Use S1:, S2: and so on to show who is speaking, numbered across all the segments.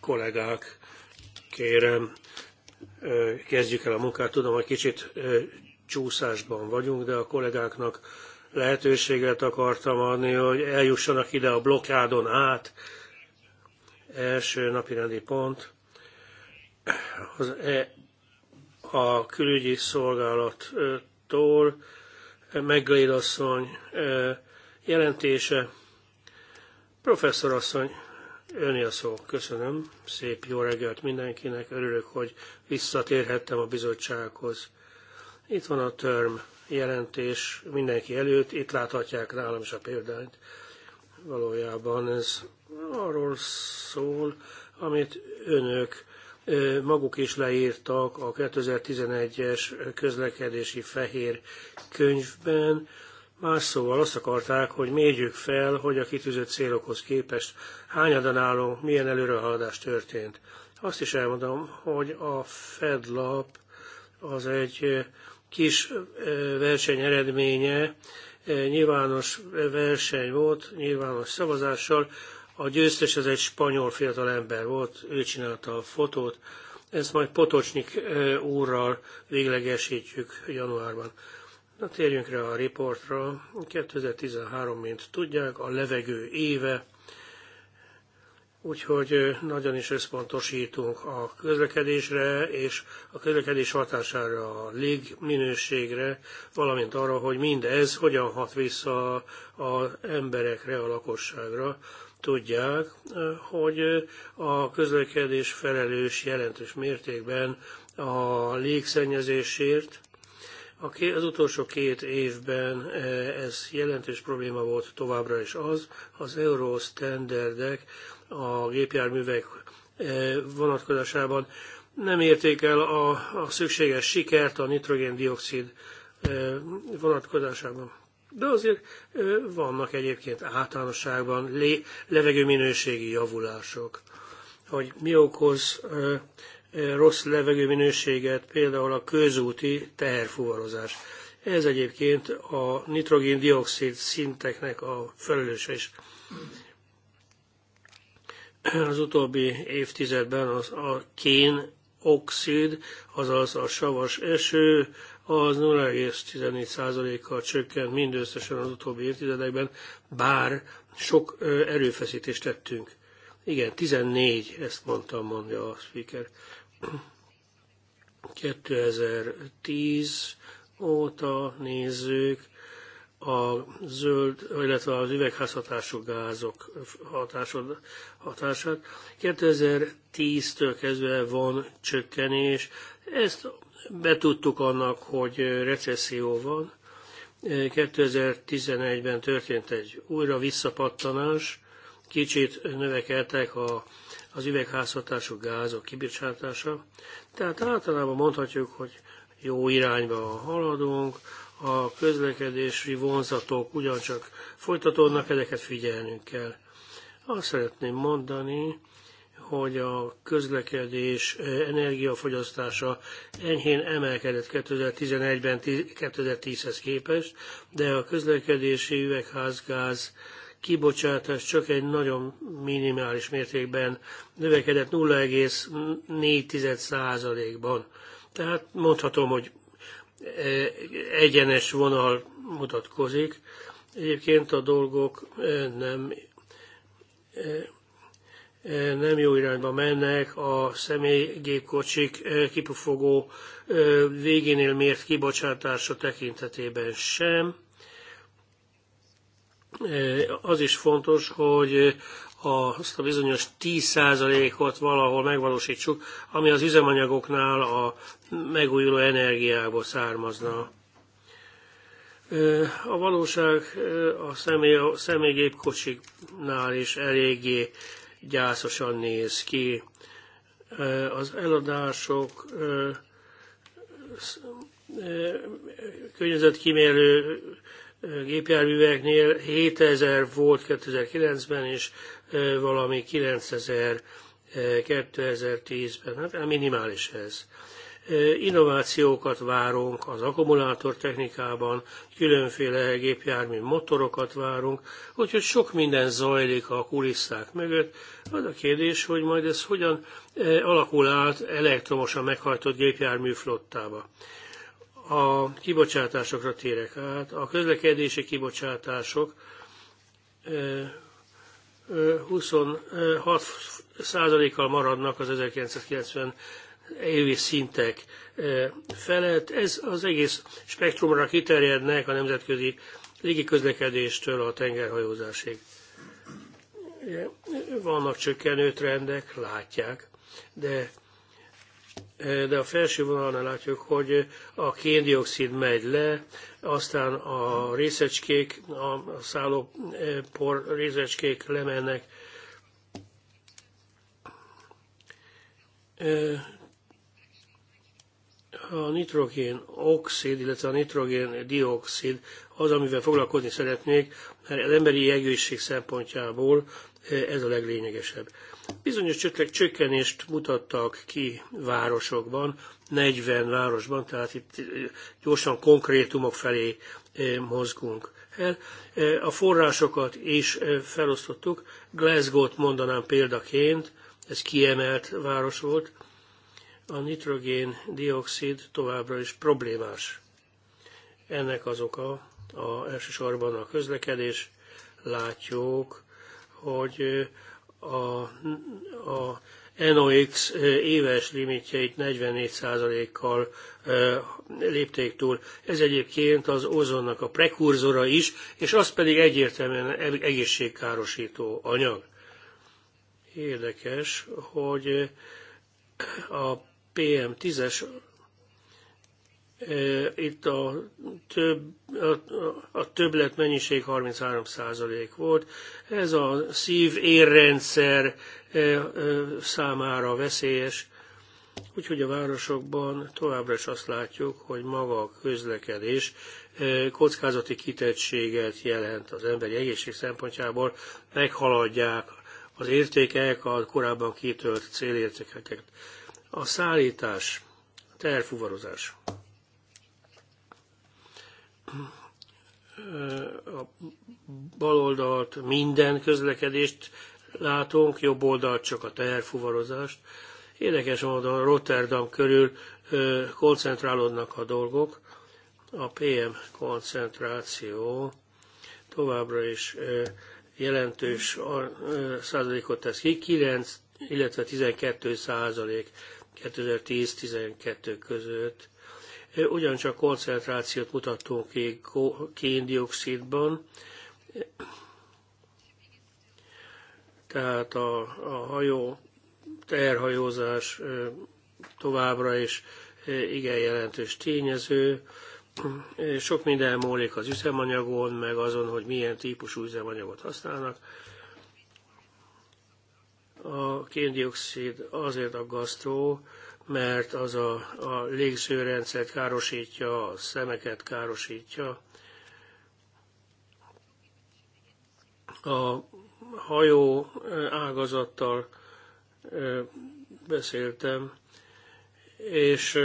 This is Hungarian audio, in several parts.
S1: Kollégák, kérem, kezdjük el a munkát. Tudom, hogy kicsit csúszásban vagyunk, de a kollégáknak lehetőséget akartam adni, hogy eljussanak ide a blokádon át. Első napirendi pont az e, a külügyi szolgálattól Megléd asszony jelentése. Professzor asszony, Öné a szó. Köszönöm. Szép jó reggelt mindenkinek. Örülök, hogy visszatérhettem a bizottsághoz. Itt van a term jelentés mindenki előtt. Itt láthatják nálam is a példányt. Valójában ez arról szól, amit önök maguk is leírtak a 2011-es közlekedési fehér könyvben, Más szóval azt akarták, hogy mérjük fel, hogy a kitűzött célokhoz képest hányadan állunk, milyen előrehaladás történt. Azt is elmondom, hogy a FedLap az egy kis verseny eredménye, nyilvános verseny volt, nyilvános szavazással. A győztes az egy spanyol fiatal ember volt, ő csinálta a fotót. Ezt majd Potocsnik úrral véglegesítjük januárban. Na, térjünk rá a riportra. 2013, mint tudják, a levegő éve, úgyhogy nagyon is összpontosítunk a közlekedésre és a közlekedés hatására a légminőségre, valamint arra, hogy mindez hogyan hat vissza az emberekre, a lakosságra. Tudják, hogy a közlekedés felelős jelentős mértékben a légszennyezésért, az utolsó két évben eh, ez jelentős probléma volt továbbra is az, az euró standardek a gépjárművek eh, vonatkozásában nem érték el a, a szükséges sikert a nitrogén-dioxid eh, vonatkozásában. De azért vannak egyébként általánosságban lé, levegőminőségi javulások. Hogy mi okoz rossz levegőminőséget, például a közúti teherfuvarozás. Ez egyébként a nitrogén-dioxid szinteknek a felelőse is. Az utóbbi évtizedben az a kén oxid, azaz a savas eső, az 0,14%-kal csökkent mindösszesen az utóbbi évtizedekben, bár sok erőfeszítést tettünk. Igen, 14, ezt mondtam, mondja a speaker. 2010 óta nézzük a zöld, illetve az üvegházhatású gázok hatásod, hatását. 2010-től kezdve van csökkenés. Ezt betudtuk annak, hogy recesszió van. 2011-ben történt egy újra visszapattanás, kicsit növekedtek a az üvegházhatású gázok kibocsátása. Tehát általában mondhatjuk, hogy jó irányba haladunk, a közlekedési vonzatok ugyancsak folytatódnak, ezeket figyelnünk kell. Azt szeretném mondani, hogy a közlekedés energiafogyasztása enyhén emelkedett 2011-ben 2010-hez képest, de a közlekedési üvegházgáz kibocsátás csak egy nagyon minimális mértékben növekedett 0,4%-ban. Tehát mondhatom, hogy e, egyenes vonal mutatkozik. Egyébként a dolgok e, nem, e, nem jó irányba mennek, a személygépkocsik kipufogó végénél mért kibocsátása tekintetében sem Eh, az is fontos, hogy eh, azt a bizonyos 10%-ot valahol megvalósítsuk, ami az üzemanyagoknál a megújuló energiából származna. Eh, a valóság a, személy, a személygépkocsiknál is eléggé gyászosan néz ki. Az eladások környezetkímélő gépjárműveknél 7000 volt 2009-ben, és valami 9000 2010-ben. Hát, hát minimális ez. Innovációkat várunk az akkumulátor technikában, különféle gépjármű motorokat várunk, úgyhogy sok minden zajlik a kulisszák mögött. Az a kérdés, hogy majd ez hogyan alakul át elektromosan meghajtott gépjármű flottába. A kibocsátásokra térek át. A közlekedési kibocsátások 26 kal maradnak az 1990 évi szintek felett. Ez az egész spektrumra kiterjednek a nemzetközi légiközlekedéstől a tengerhajózásig. Vannak csökkenő trendek, látják, de de a felső vonalnál látjuk, hogy a kéndioxid megy le, aztán a részecskék, a szállópor eh, részecskék lemennek. Eh, a nitrogén oxid, illetve a nitrogén dioxid az, amivel foglalkozni szeretnék, mert az emberi egészség szempontjából eh, ez a leglényegesebb. Bizonyos csökkenést mutattak ki városokban, 40 városban, tehát itt eh, gyorsan konkrétumok felé eh, mozgunk el. Eh, a forrásokat is felosztottuk. Glasgow-t mondanám példaként, ez kiemelt város volt. A nitrogén-dioxid továbbra is problémás. Ennek az oka a, elsősorban a közlekedés. Látjuk, hogy a, a NOx éves limitjeit 44%-kal lépték túl. Ez egyébként az ozonnak a prekurzora is, és az pedig egyértelműen egészségkárosító anyag. Érdekes, hogy a PM10-es itt a, több, a, a többlet mennyiség 33% volt. Ez a szív-érrendszer számára veszélyes. Úgyhogy a városokban továbbra is azt látjuk, hogy maga a közlekedés kockázati kitettséget jelent az emberi egészség szempontjából, meghaladják az értékek, a korábban kitölt célértékeket. A szállítás, terfuvarozás a baloldalt minden közlekedést látunk, jobb oldalt csak a teherfuvarozást. Érdekes módon Rotterdam körül koncentrálódnak a dolgok. A PM koncentráció továbbra is jelentős százalékot tesz ki, 9, illetve 12 százalék 2010-12 között ugyancsak koncentrációt mutattunk ki kéndioxidban, tehát a, a hajó, teherhajózás továbbra is igen jelentős tényező. Sok minden múlik az üzemanyagon, meg azon, hogy milyen típusú üzemanyagot használnak. A kéndioxid azért aggasztó, mert az a, a légzőrendszert károsítja, a szemeket károsítja. A hajó ágazattal beszéltem, és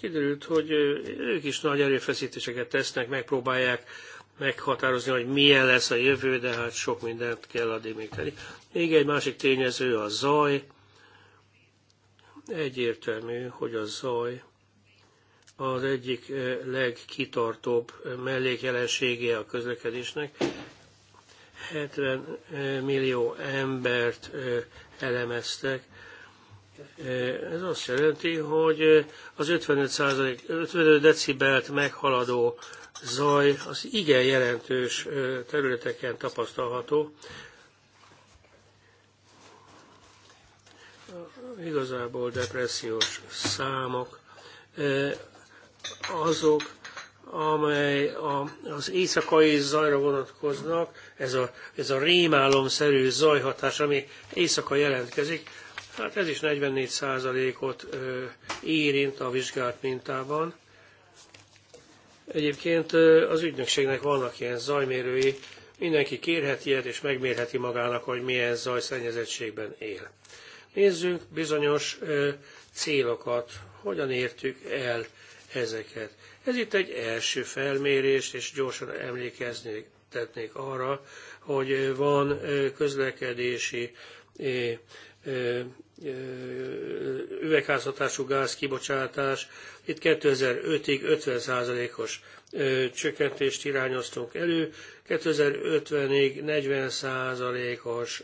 S1: kiderült, hogy ők is nagy erőfeszítéseket tesznek, megpróbálják meghatározni, hogy milyen lesz a jövő, de hát sok mindent kell addig még tenni. Még egy másik tényező a zaj. Egyértelmű, hogy a zaj az egyik eh, legkitartóbb eh, mellékjelensége a közlekedésnek. 70 eh, millió embert elemeztek. Ez azt jelenti, hogy az 55, 55 decibelt meghaladó zaj az igen jelentős területeken tapasztalható. igazából depressziós számok, azok, amely a, az éjszakai zajra vonatkoznak, ez a, ez a rémálomszerű zajhatás, ami éjszaka jelentkezik, hát ez is 44%-ot érint a vizsgált mintában. Egyébként az ügynökségnek vannak ilyen zajmérői, mindenki kérheti ilyet, és megmérheti magának, hogy milyen zajszennyezettségben él. Nézzünk bizonyos célokat, hogyan értük el ezeket. Ez itt egy első felmérés, és gyorsan emlékeznék arra, hogy van közlekedési üvegházhatású gáz kibocsátás. Itt 2005-ig 50%-os csökkentést irányoztunk elő, 2050-ig 40%-os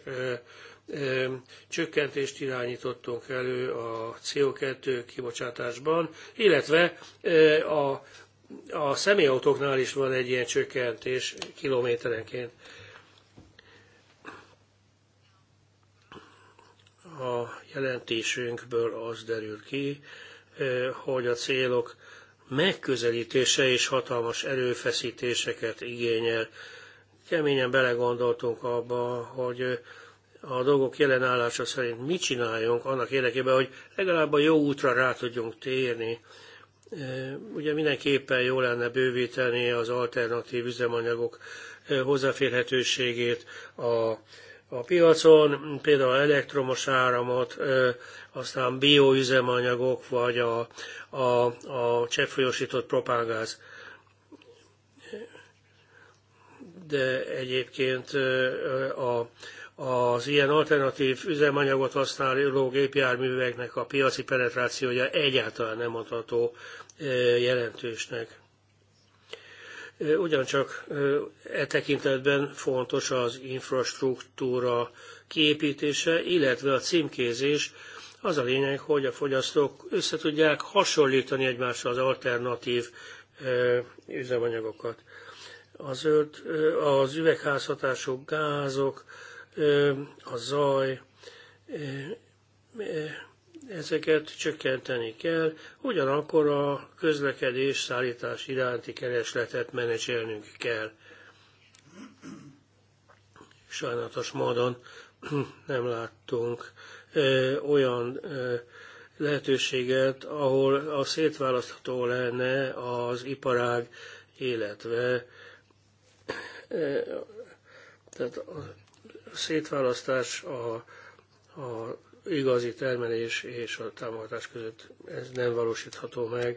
S1: csökkentést irányítottunk elő a CO2 kibocsátásban, illetve a, a személyautóknál is van egy ilyen csökkentés kilométerenként. A jelentésünkből az derül ki, hogy a célok megközelítése és hatalmas erőfeszítéseket igényel. Keményen belegondoltunk abba, hogy a dolgok jelen állása szerint mit csináljunk annak érdekében, hogy legalább a jó útra rá tudjunk térni. Ugye mindenképpen jó lenne bővíteni az alternatív üzemanyagok hozzáférhetőségét a, a piacon, például elektromos áramot, aztán bioüzemanyagok, vagy a, a, a cseppfolyósított propángáz. De egyébként a, az ilyen alternatív üzemanyagot használó gépjárműveknek a piaci penetrációja egyáltalán nem adható jelentősnek. Ugyancsak e tekintetben fontos az infrastruktúra kiépítése, illetve a címkézés. Az a lényeg, hogy a fogyasztók össze tudják hasonlítani egymással az alternatív üzemanyagokat. Az, ölt, az üvegházhatású gázok a zaj, ezeket csökkenteni kell, ugyanakkor a közlekedés szállítás iránti keresletet menedzselnünk kell. Sajnálatos módon nem láttunk olyan lehetőséget, ahol a szétválasztható lenne az iparág, illetve tehát szétválasztás a, a igazi termelés és a támogatás között ez nem valósítható meg.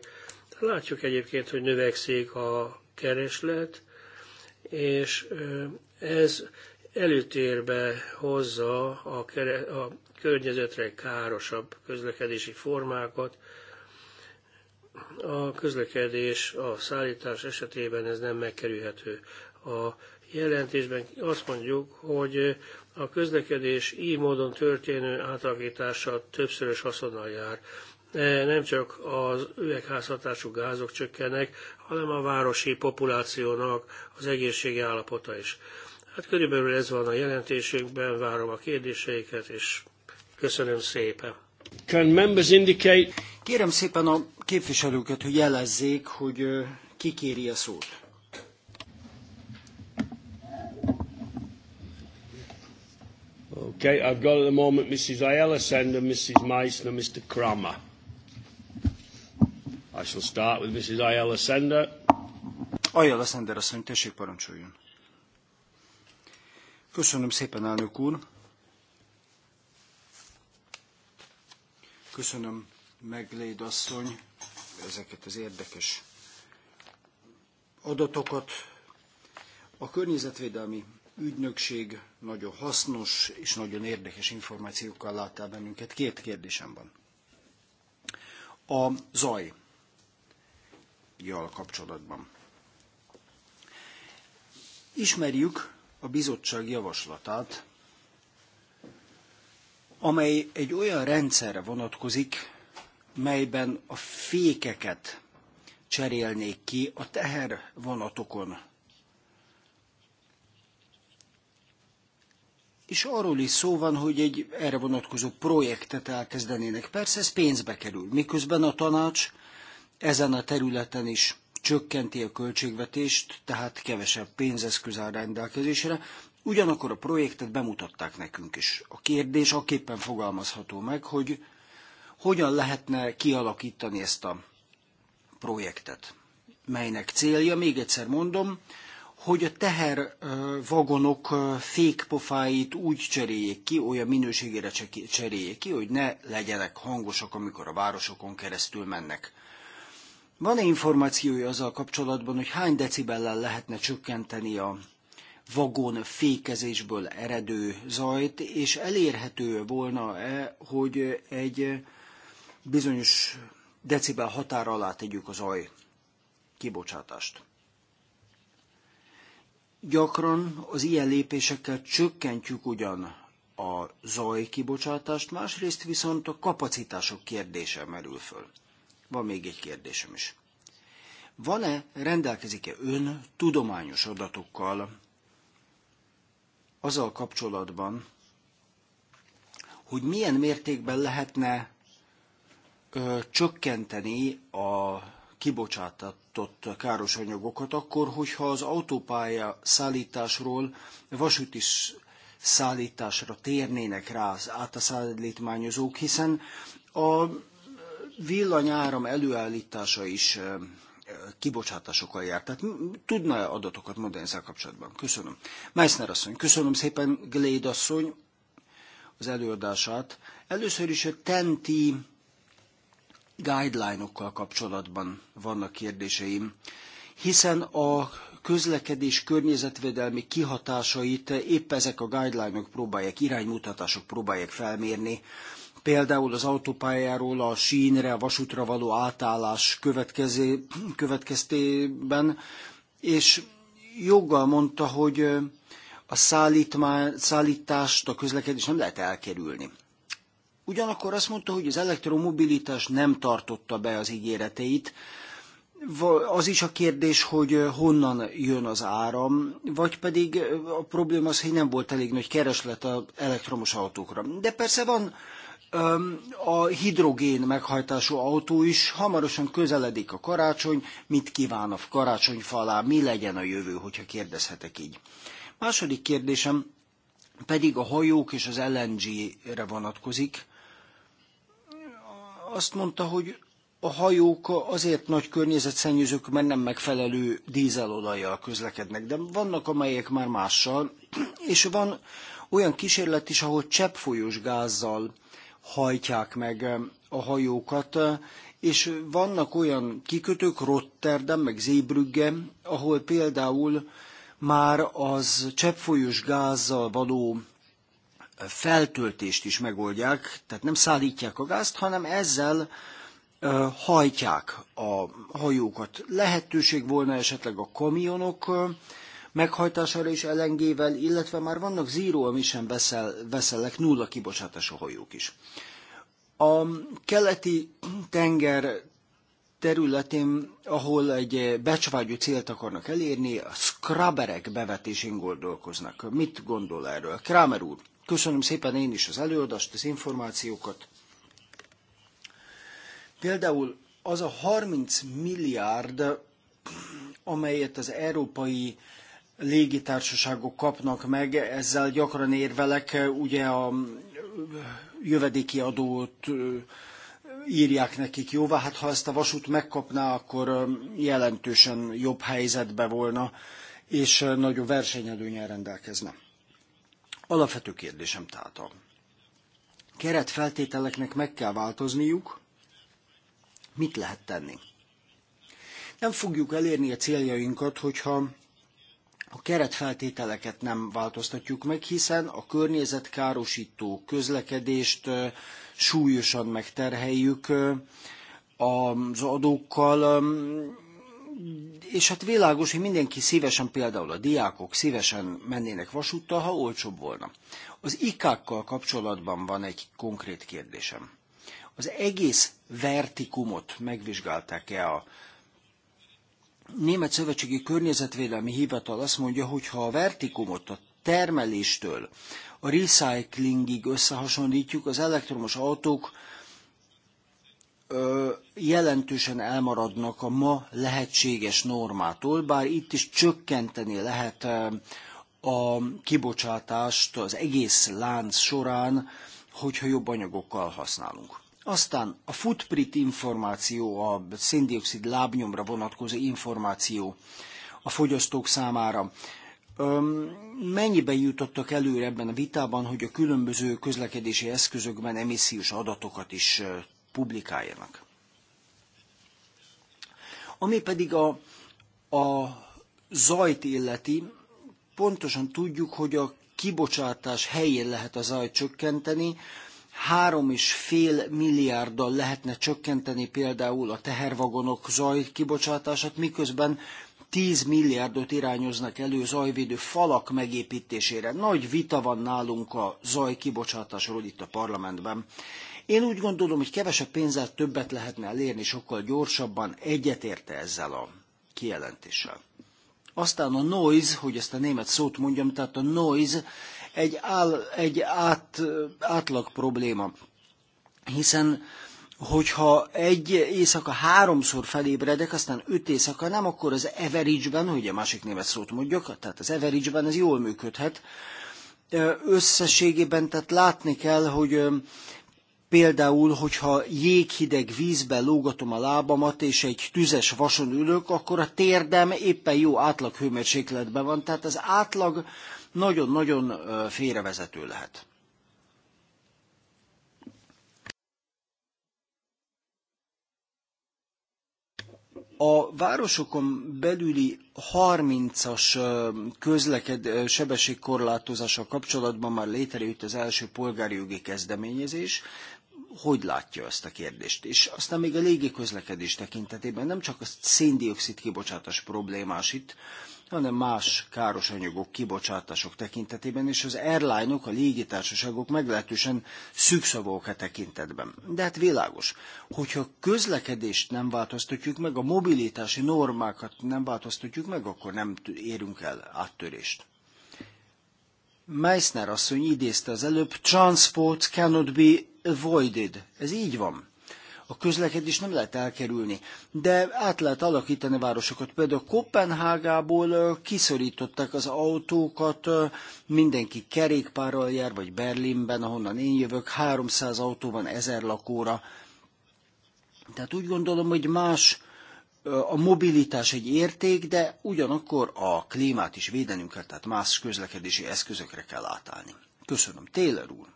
S1: Látjuk egyébként, hogy növekszik a kereslet, és ez előtérbe hozza a, kere, a környezetre károsabb közlekedési formákat, a közlekedés, a szállítás esetében ez nem megkerülhető. A jelentésben azt mondjuk, hogy a közlekedés így módon történő átalakítása többszörös haszonnal jár. E, nem csak az üvegházhatású gázok csökkennek, hanem a városi populációnak az egészségi állapota is. Hát körülbelül ez van a jelentésünkben, várom a kérdéseiket, és köszönöm szépen.
S2: Can members indicate... Kérem szépen a képviselőket, hogy jelezzék, hogy
S1: ki kéri a szót. Okay, I've got at the moment Mrs. Ayala Sender, Mrs. Meissner, Mr. Kramer. I shall start with Mrs. Ayala Sender.
S2: Ayala Sender asszony, tessék parancsoljon. Köszönöm szépen, elnök úr. Köszönöm Megléd asszony ezeket az érdekes adatokat. A környezetvédelmi ügynökség nagyon hasznos és nagyon érdekes információkkal láttál bennünket. Két kérdésem van. A zaj jal kapcsolatban. Ismerjük a bizottság javaslatát, amely egy olyan rendszerre vonatkozik, melyben a fékeket cserélnék ki a tehervonatokon. És arról is szó van, hogy egy erre vonatkozó projektet elkezdenének. Persze ez pénzbe kerül, miközben a tanács ezen a területen is csökkenti a költségvetést, tehát kevesebb pénzeszköz áll rendelkezésre, ugyanakkor a projektet bemutatták nekünk is. A kérdés aképpen fogalmazható meg, hogy hogyan lehetne kialakítani ezt a projektet, melynek célja, még egyszer mondom, hogy a tehervagonok fékpofáit úgy cseréljék ki, olyan minőségére cseréljék ki, hogy ne legyenek hangosak, amikor a városokon keresztül mennek. Van-e információja azzal kapcsolatban, hogy hány decibellel lehetne csökkenteni a vagon fékezésből eredő zajt, és elérhető volna-e, hogy egy bizonyos decibel határa alá tegyük az aj kibocsátást. Gyakran az ilyen lépésekkel csökkentjük ugyan a zaj kibocsátást, másrészt viszont a kapacitások kérdése merül föl. Van még egy kérdésem is. Van-e, rendelkezik-e ön tudományos adatokkal azzal kapcsolatban, hogy milyen mértékben lehetne csökkenteni a kibocsátatott káros anyagokat, akkor, hogyha az autópálya szállításról vasúti szállításra térnének rá az átaszállítmányozók, hiszen a villanyáram előállítása is kibocsátásokkal jár. Tehát tudna-e adatokat mondani ezzel kapcsolatban? Köszönöm. Meissner asszony, köszönöm szépen Gléd asszony az előadását. Először is a tenti guideline-okkal kapcsolatban vannak kérdéseim, hiszen a közlekedés környezetvédelmi kihatásait épp ezek a guideline-ok -ok próbálják, iránymutatások próbálják felmérni, például az autópályáról a sínre, a vasútra való átállás következé, következtében, és joggal mondta, hogy a szállítást, a közlekedést nem lehet elkerülni. Ugyanakkor azt mondta, hogy az elektromobilitás nem tartotta be az ígéreteit. Az is a kérdés, hogy honnan jön az áram, vagy pedig a probléma az, hogy nem volt elég nagy kereslet az elektromos autókra. De persze van a hidrogén meghajtású autó is hamarosan közeledik a karácsony, mit kíván a karácsony falá, mi legyen a jövő, hogyha kérdezhetek így. Második kérdésem pedig a hajók és az LNG-re vonatkozik azt mondta, hogy a hajók azért nagy környezetszennyezők, mert nem megfelelő dízelolajjal közlekednek, de vannak amelyek már mással, és van olyan kísérlet is, ahol cseppfolyós gázzal hajtják meg a hajókat, és vannak olyan kikötők, Rotterdam, meg Zébrügge, ahol például már az cseppfolyós gázzal való feltöltést is megoldják, tehát nem szállítják a gázt, hanem ezzel hajtják a hajókat. Lehetőség volna esetleg a kamionok meghajtására is elengével, illetve már vannak zero emission veszel, veszelek, nulla kibocsátású hajók is. A keleti tenger területén, ahol egy becsvágyú célt akarnak elérni, a scrubberek bevetésén gondolkoznak. Mit gondol erről? Kramer úr, Köszönöm szépen én is az előadást, az információkat. Például az a 30 milliárd, amelyet az európai légitársaságok kapnak meg, ezzel gyakran érvelek, ugye a jövedéki adót írják nekik jóvá, hát ha ezt a vasút megkapná, akkor jelentősen jobb helyzetbe volna, és nagyobb versenyelőnyel rendelkezne. Alapvető kérdésem tehát a keretfeltételeknek meg kell változniuk, mit lehet tenni? Nem fogjuk elérni a céljainkat, hogyha a keretfeltételeket nem változtatjuk meg, hiszen a környezetkárosító közlekedést súlyosan megterheljük az adókkal, és hát világos, hogy mindenki szívesen, például a diákok szívesen mennének vasúttal, ha olcsóbb volna. Az ikákkal kapcsolatban van egy konkrét kérdésem. Az egész vertikumot megvizsgálták-e a Német Szövetségi Környezetvédelmi Hivatal azt mondja, hogy ha a vertikumot a termeléstől a recyclingig összehasonlítjuk, az elektromos autók jelentősen elmaradnak a ma lehetséges normától, bár itt is csökkenteni lehet a kibocsátást az egész lánc során, hogyha jobb anyagokkal használunk. Aztán a footprint információ, a széndiokszid lábnyomra vonatkozó információ a fogyasztók számára. Mennyiben jutottak előre ebben a vitában, hogy a különböző közlekedési eszközökben emissziós adatokat is publikáljanak. Ami pedig a, a zajt illeti, pontosan tudjuk, hogy a kibocsátás helyén lehet a zajt csökkenteni, három és fél milliárddal lehetne csökkenteni például a tehervagonok zaj kibocsátását, miközben 10 milliárdot irányoznak elő zajvédő falak megépítésére. Nagy vita van nálunk a zaj kibocsátásról itt a parlamentben, én úgy gondolom, hogy kevesebb pénzzel többet lehetne elérni sokkal gyorsabban, egyetérte ezzel a kijelentéssel. Aztán a noise, hogy ezt a német szót mondjam, tehát a noise egy, áll, egy át, átlag probléma. Hiszen hogyha egy éjszaka háromszor felébredek, aztán öt éjszaka nem, akkor az average-ben, hogy a másik német szót mondjak, tehát az average-ben ez jól működhet. Összességében, tehát látni kell, hogy Például, hogyha jéghideg vízbe lógatom a lábamat, és egy tüzes vason ülök, akkor a térdem éppen jó átlag hőmérsékletben van, tehát az átlag nagyon-nagyon félrevezető lehet. A városokon belüli 30-as közleked sebességkorlátozással kapcsolatban már létrejött az első polgári jogi kezdeményezés, hogy látja ezt a kérdést. És aztán még a légi közlekedés tekintetében nem csak a széndiokszid kibocsátás problémás itt, hanem más káros anyagok, kibocsátások tekintetében, és az airline -ok, a légitársaságok meglehetősen szűkszavók a e tekintetben. De hát világos, hogyha a közlekedést nem változtatjuk meg, a mobilitási normákat nem változtatjuk meg, akkor nem érünk el áttörést. Meissner asszony idézte az előbb, transport cannot be avoided. Ez így van. A közlekedés nem lehet elkerülni, de át lehet alakítani városokat. Például Kopenhágából kiszorították az autókat, mindenki kerékpárral jár, vagy Berlinben, ahonnan én jövök, 300 autó van 1000 lakóra. Tehát úgy gondolom, hogy más a mobilitás egy érték, de ugyanakkor a klímát is védenünk kell, tehát más közlekedési eszközökre kell átállni. Köszönöm, Taylor úr!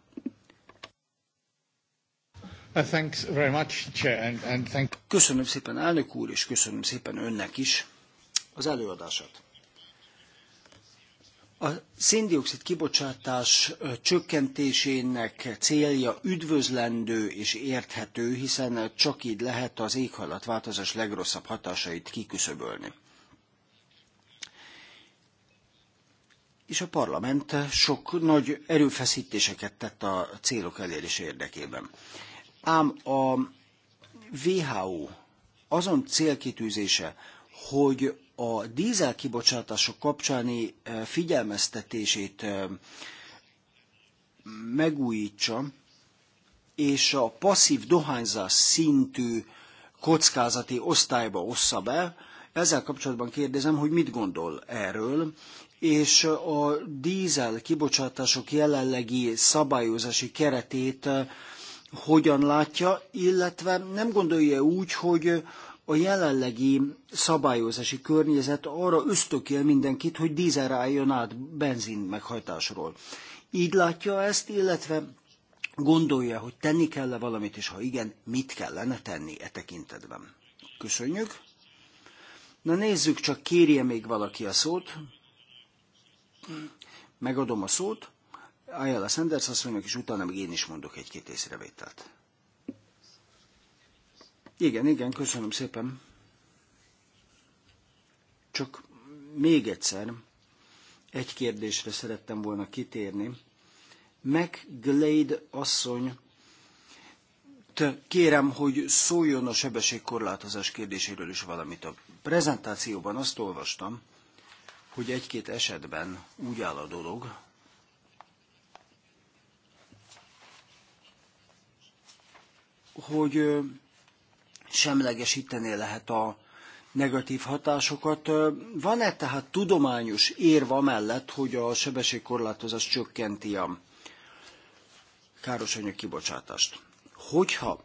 S2: Uh, köszönöm szépen, elnök úr, és köszönöm szépen önnek is az előadását. A széndiokszid kibocsátás csökkentésének célja üdvözlendő és érthető, hiszen csak így lehet az éghajlatváltozás legrosszabb hatásait kiküszöbölni. És a parlament sok nagy erőfeszítéseket tett a célok elérés érdekében. Ám a WHO azon célkitűzése, hogy a dízel kibocsátások kapcsáni eh, figyelmeztetését eh, megújítsa, és a passzív dohányzás szintű kockázati osztályba ossza be. Ezzel kapcsolatban kérdezem, hogy mit gondol erről, és a dízel kibocsátások jelenlegi szabályozási keretét eh, hogyan látja, illetve nem gondolja úgy, hogy a jelenlegi szabályozási környezet arra ösztökél mindenkit, hogy dízelre álljon át benzin meghajtásról. Így látja ezt, illetve gondolja, hogy tenni kell-e valamit, és ha igen, mit kellene tenni e tekintetben. Köszönjük. Na nézzük, csak kérje még valaki a szót. Megadom a szót. Ayala Sanders asszonynak, és utána még én is mondok egy-két észrevételt. Igen, igen, köszönöm szépen. Csak még egyszer egy kérdésre szerettem volna kitérni. McGlade asszony te kérem, hogy szóljon a sebességkorlátozás kérdéséről is valamit. A prezentációban azt olvastam, hogy egy-két esetben úgy áll a dolog, hogy semlegesíteni lehet a negatív hatásokat. Van-e tehát tudományos érva mellett, hogy a sebességkorlátozás csökkenti a anyag kibocsátást? Hogyha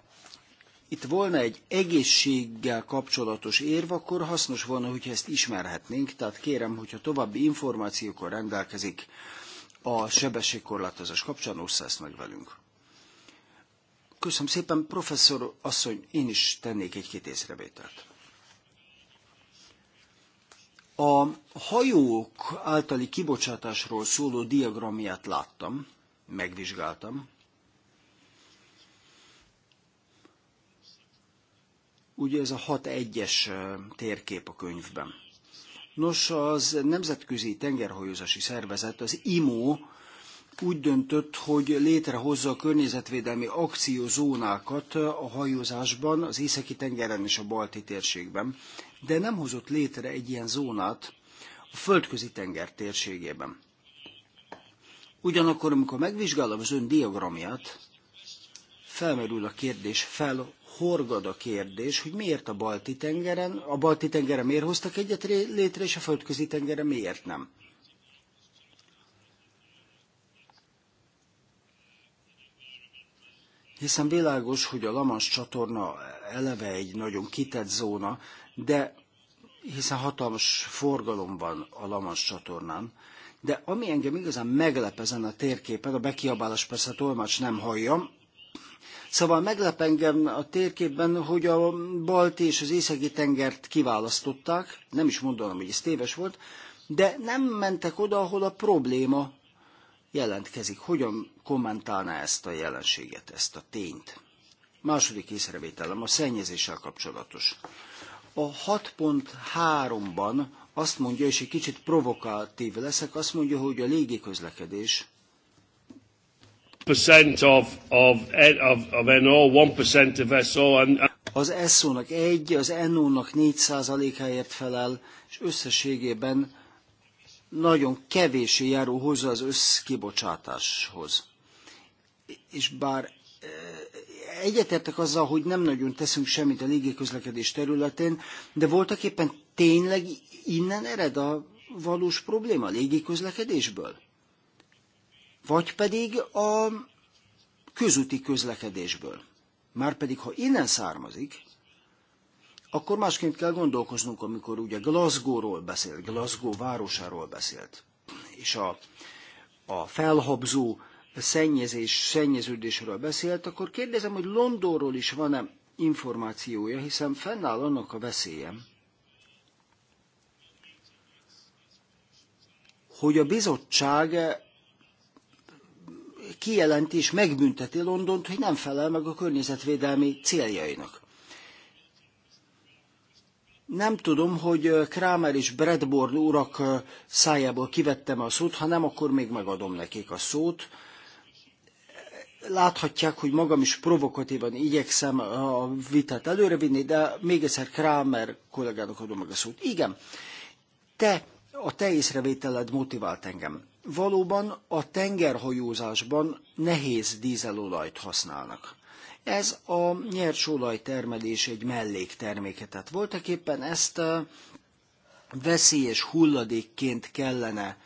S2: itt volna egy egészséggel kapcsolatos érv, akkor hasznos volna, hogyha ezt ismerhetnénk, tehát kérem, hogyha további információkkal rendelkezik a sebességkorlátozás kapcsán, ossza ezt meg velünk. Köszönöm szépen, professzor asszony, én is tennék egy-két észrevételt. A hajók általi kibocsátásról szóló diagramját láttam, megvizsgáltam. Ugye ez a 6.1-es térkép a könyvben. Nos, az Nemzetközi Tengerhajózási Szervezet, az IMO úgy döntött, hogy létrehozza a környezetvédelmi akciózónákat a hajózásban, az északi tengeren és a balti térségben, de nem hozott létre egy ilyen zónát a földközi tenger térségében. Ugyanakkor, amikor megvizsgálom az ön diagramját, felmerül a kérdés, fel horgad a kérdés, hogy miért a balti tengeren, a balti tengeren miért hoztak egyet létre, és a földközi tengeren miért nem. hiszen világos, hogy a Lamas csatorna eleve egy nagyon kitett zóna, de hiszen hatalmas forgalom van a Lamas csatornán, de ami engem igazán meglep ezen a térképen, a bekiabálás persze a tolmács nem hallja, Szóval meglep engem a térképben, hogy a balti és az északi tengert kiválasztották, nem is mondanom, hogy ez téves volt, de nem mentek oda, ahol a probléma jelentkezik. Hogyan kommentálná ezt a jelenséget, ezt a tényt? Második észrevételem a szennyezéssel kapcsolatos. A 6.3-ban azt mondja, és egy kicsit provokatív leszek, azt mondja, hogy a légiközlekedés az SO-nak 1, az NO-nak 4 százalékáért felel, és összességében nagyon kevés járó hozzá az összkibocsátáshoz. És bár e, egyetértek azzal, hogy nem nagyon teszünk semmit a légiközlekedés területén, de voltak éppen tényleg innen ered a valós probléma a légiközlekedésből? Vagy pedig a közúti közlekedésből? Márpedig, ha innen származik, akkor másként kell gondolkoznunk, amikor ugye Glasgow-ról beszélt, Glasgow városáról beszélt, és a, a felhabzó szennyezés, szennyeződésről beszélt, akkor kérdezem, hogy Londonról is van-e információja, hiszen fennáll annak a veszélye, hogy a bizottság kijelenti és megbünteti Londont, hogy nem felel meg a környezetvédelmi céljainak. Nem tudom, hogy Kramer és Bradborn urak szájából kivettem a szót, ha nem, akkor még megadom nekik a szót. Láthatják, hogy magam is provokatívan igyekszem a vitát előrevinni, de még egyszer Kramer kollégának adom meg a szót. Igen, te, a te észrevételed motivált engem. Valóban a tengerhajózásban nehéz dízelolajt használnak. Ez a nyersolaj termelés egy mellékterméke, tehát voltak éppen ezt veszélyes hulladékként kellene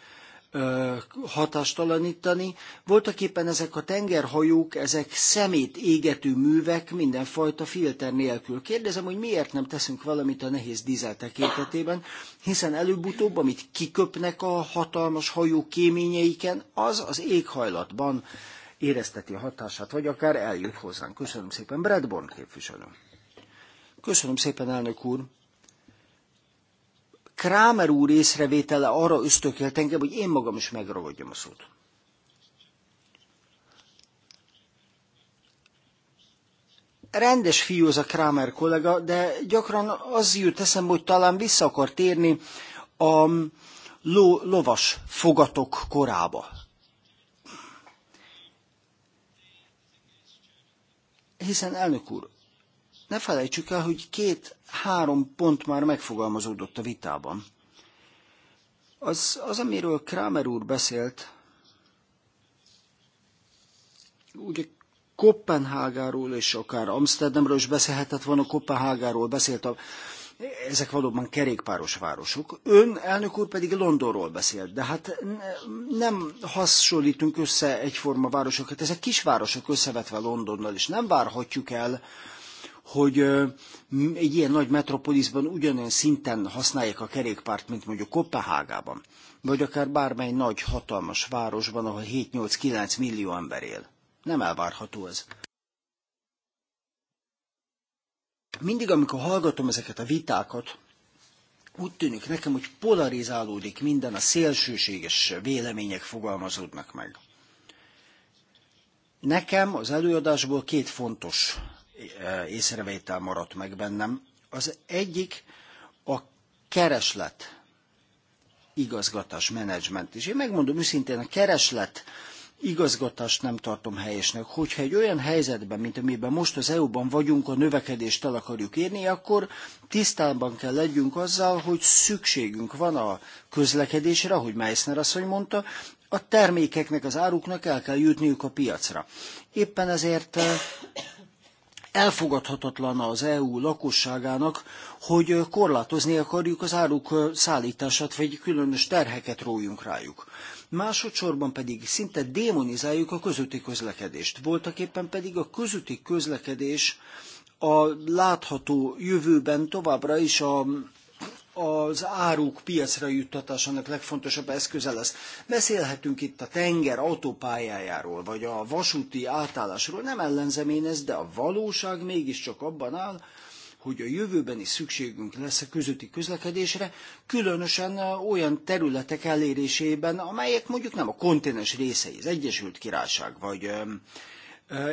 S2: hatástalanítani. Voltak éppen ezek a tengerhajók, ezek szemét égető művek mindenfajta filter nélkül. Kérdezem, hogy miért nem teszünk valamit a nehéz dízel tekintetében, hiszen előbb-utóbb, amit kiköpnek a hatalmas hajó kéményeiken, az az éghajlatban érezteti a hatását, vagy akár eljut hozzánk. Köszönöm szépen, Brad Born képviselő. Köszönöm szépen, elnök úr. Krámer úr észrevétele arra ösztökélt engem, hogy én magam is megragadjam a szót. rendes fiú az a Kramer kollega, de gyakran az jut eszembe, hogy talán vissza akar térni a lo, lovas fogatok korába. Hiszen, elnök úr, ne felejtsük el, hogy két-három pont már megfogalmazódott a vitában. Az, az amiről Kramer úr beszélt, ugye Kopenhágáról és akár Amsterdamról is beszélhetett volna, Kopenhágáról beszélt a ezek valóban kerékpáros városok. Ön, elnök úr, pedig Londonról beszélt, de hát nem hasonlítunk össze egyforma városokat. Ezek kisvárosok összevetve Londonnal, és nem várhatjuk el, hogy egy ilyen nagy metropoliszban ugyanolyan szinten használják a kerékpárt, mint mondjuk Kopenhágában, vagy akár bármely nagy, hatalmas városban, ahol 7-8-9 millió ember él. Nem elvárható ez. Mindig, amikor hallgatom ezeket a vitákat, úgy tűnik nekem, hogy polarizálódik minden, a szélsőséges vélemények fogalmazódnak meg. Nekem az előadásból két fontos e, észrevétel maradt meg bennem. Az egyik a kereslet igazgatás, menedzsment. És én megmondom őszintén, a kereslet igazgatást nem tartom helyesnek. Hogyha egy olyan helyzetben, mint amiben most az EU-ban vagyunk, a növekedést el akarjuk érni, akkor tisztában kell legyünk azzal, hogy szükségünk van a közlekedésre, ahogy Meissner asszony mondta, a termékeknek, az áruknak el kell jutniuk a piacra. Éppen ezért eh, elfogadhatatlan az EU lakosságának, hogy korlátozni akarjuk az áruk eh, szállítását, vagy különös terheket rójunk rájuk másodszorban pedig szinte démonizáljuk a közúti közlekedést. Voltak éppen pedig a közúti közlekedés a látható jövőben továbbra is a az áruk piacra juttatásának legfontosabb eszköze lesz. Beszélhetünk itt a tenger autópályájáról, vagy a vasúti átállásról, nem ellenzem én ezt, de a valóság mégiscsak abban áll, hogy a jövőben is szükségünk lesz a közötti közlekedésre, különösen olyan területek elérésében, amelyek mondjuk nem a kontinens részei, az Egyesült Királyság vagy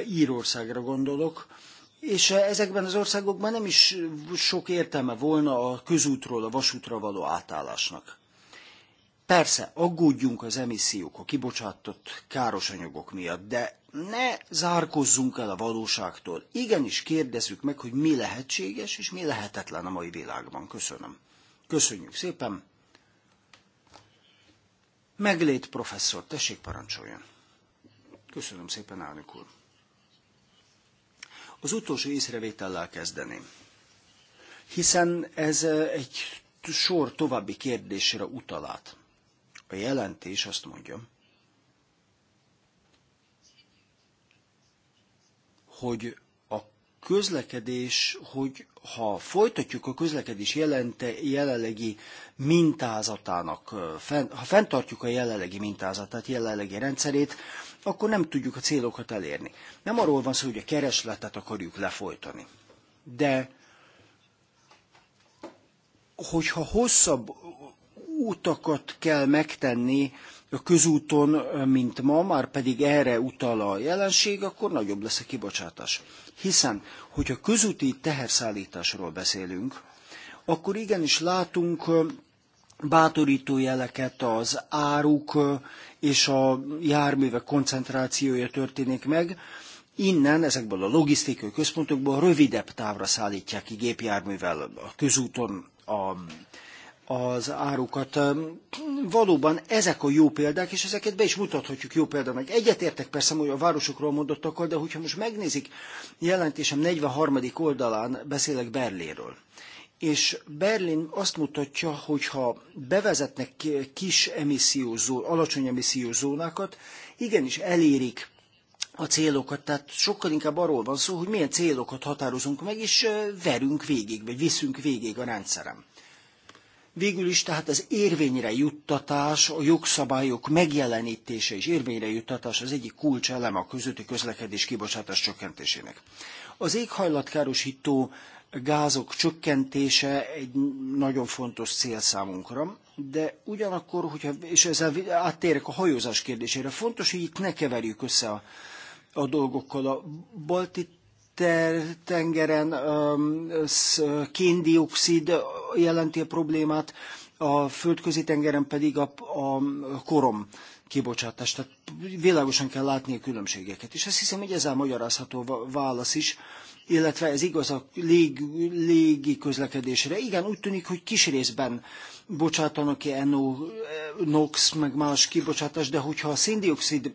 S2: Írországra gondolok, és ezekben az országokban nem is sok értelme volna a közútról a vasútra való átállásnak. Persze, aggódjunk az emissziók, a kibocsátott káros anyagok miatt, de ne zárkozzunk el a valóságtól. Igenis kérdezzük meg, hogy mi lehetséges és mi lehetetlen a mai világban. Köszönöm. Köszönjük szépen. Meglét professzor, tessék parancsoljon. Köszönöm szépen, elnök úr. Az utolsó észrevétellel kezdeném, hiszen ez eh, egy sor további kérdésre utalát. A jelentés azt mondja, hogy a közlekedés, hogy ha folytatjuk a közlekedés jelente, jelenlegi mintázatának, ha fenntartjuk a jelenlegi mintázatát, jelenlegi rendszerét, akkor nem tudjuk a célokat elérni. Nem arról van szó, hogy a keresletet akarjuk lefolytani. De hogyha hosszabb útakat kell megtenni, a közúton, mint ma, már pedig erre utal a jelenség, akkor nagyobb lesz a kibocsátás. Hiszen, hogyha közúti teherszállításról beszélünk, akkor igenis látunk bátorító jeleket az áruk és a járművek koncentrációja történik meg. Innen, ezekből a logisztikai központokból rövidebb távra szállítják ki gépjárművel a közúton a az árukat. Valóban ezek a jó példák, és ezeket be is mutathatjuk jó példának. Egyetértek persze, hogy a városokról mondottakkal, de hogyha most megnézik, jelentésem 43. oldalán beszélek Berlinről. És Berlin azt mutatja, hogy ha bevezetnek kis emissziózó, alacsony zónákat, igenis elérik a célokat. Tehát sokkal inkább arról van szó, hogy milyen célokat határozunk meg, és verünk végig, vagy viszünk végig a rendszerem. Végül is tehát az érvényre juttatás, a jogszabályok megjelenítése és érvényre juttatás az egyik kulcselem a közötti közlekedés kibocsátás csökkentésének. Az éghajlatkárosító gázok csökkentése egy nagyon fontos cél számunkra, de ugyanakkor, hogyha, és ezzel áttérek a hajózás kérdésére, fontos, hogy itt ne keverjük össze a, a dolgokkal. A balti tengeren um, széndiokszid jelenti a problémát, a földközi tengeren pedig a, a korom kibocsátás. Tehát világosan kell látni a különbségeket. És azt hiszem, hogy a magyarázható válasz is, illetve ez igaz a lég, légi közlekedésre. Igen, úgy tűnik, hogy kis részben bocsátanak ki NO, NOx, meg más kibocsátás, de hogyha a széndiokszid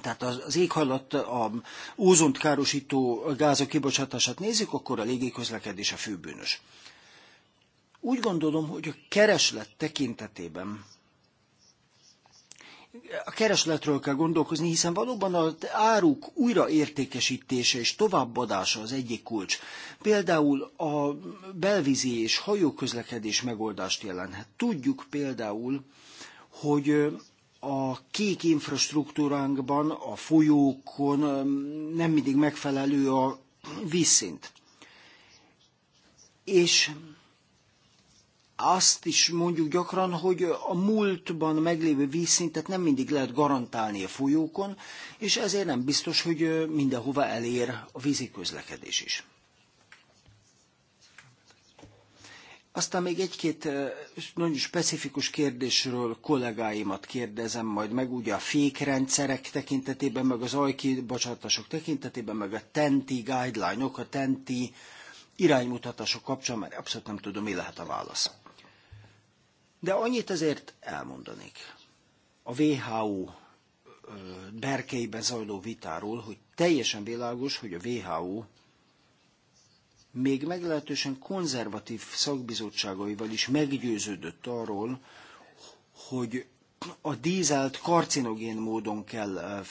S2: tehát az, éghajlat, a úzont károsító gázok kibocsátását nézzük, akkor a légiközlekedés a főbűnös. Úgy gondolom, hogy a kereslet tekintetében a keresletről kell gondolkozni, hiszen valóban az áruk újraértékesítése és továbbadása az egyik kulcs. Például a belvízi és hajóközlekedés megoldást jelenthet. Tudjuk például, hogy a kék infrastruktúránkban, a folyókon nem mindig megfelelő a vízszint. És azt is mondjuk gyakran, hogy a múltban meglévő vízszintet nem mindig lehet garantálni a folyókon, és ezért nem biztos, hogy mindenhova elér a vízi közlekedés is. Aztán még egy-két nagyon specifikus kérdésről kollégáimat kérdezem, majd meg ugye a fékrendszerek tekintetében, meg az ajkibocsátások tekintetében, meg a TENTI guideline-ok, -ok, a TENTI iránymutatások kapcsán, mert abszolút nem tudom, mi lehet a válasz. De annyit azért elmondanék. A WHO berkeiben zajló vitáról, hogy teljesen világos, hogy a WHO még meglehetősen konzervatív szakbizottságaival is meggyőződött arról, hogy a dízelt karcinogén módon kell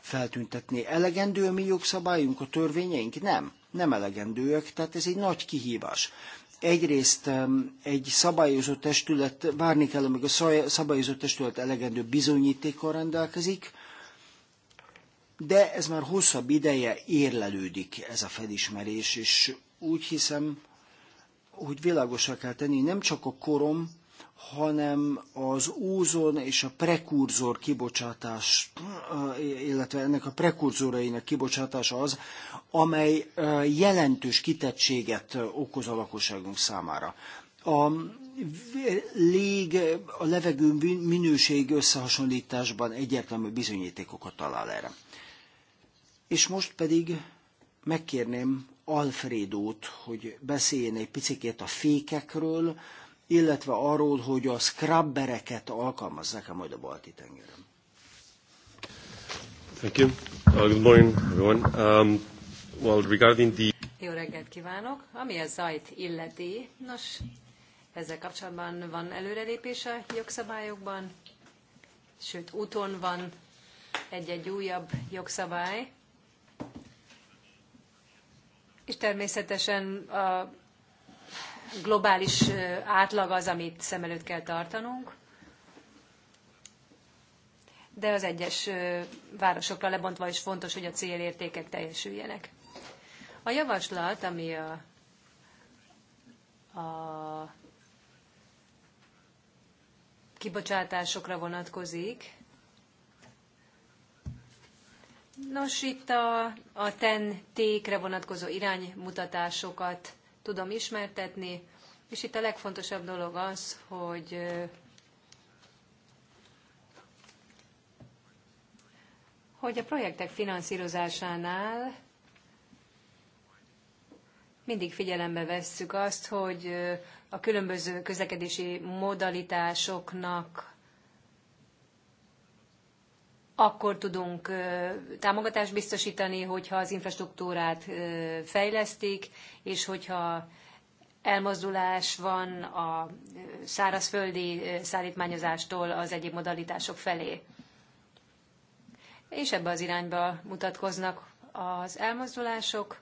S2: feltüntetni. Elegendő a mi jogszabályunk, a törvényeink? Nem, nem elegendőek, tehát ez egy nagy kihívás egyrészt egy szabályozó testület, várni kell, amíg a szabályozó testület elegendő bizonyítékkal rendelkezik, de ez már hosszabb ideje érlelődik ez a felismerés, és úgy hiszem, hogy világosra kell tenni, nem csak a korom, hanem az ózon és a prekurzor kibocsátás, illetve ennek a prekurzorainak kibocsátása az, amely jelentős kitettséget okoz a lakosságunk számára. A lég, a levegő minőség összehasonlításban egyértelmű bizonyítékokat talál erre. És most pedig megkérném Alfredót, hogy beszéljen egy picikét a fékekről, illetve arról, hogy a scrubbereket alkalmazzák-e majd a balti tengeren.
S1: Thank you. Uh, good morning, everyone. Um, well, regarding the...
S3: Jó reggelt kívánok! Ami a zajt illeti, nos, ezzel kapcsolatban van előrelépés a jogszabályokban, sőt, úton van egy-egy újabb jogszabály, és természetesen a globális átlag az, amit szem előtt kell tartanunk, de az egyes városokra lebontva is fontos, hogy a célértékek teljesüljenek. A javaslat, ami a, a kibocsátásokra vonatkozik, Nos, itt a, a TEN-tékre vonatkozó iránymutatásokat tudom ismertetni, és itt a legfontosabb dolog az, hogy hogy a projektek finanszírozásánál mindig figyelembe vesszük azt, hogy a különböző közlekedési modalitásoknak akkor tudunk támogatást biztosítani, hogyha az infrastruktúrát fejlesztik, és hogyha elmozdulás van a szárazföldi szállítmányozástól az egyéb modalitások felé. És ebbe az irányba mutatkoznak az elmozdulások.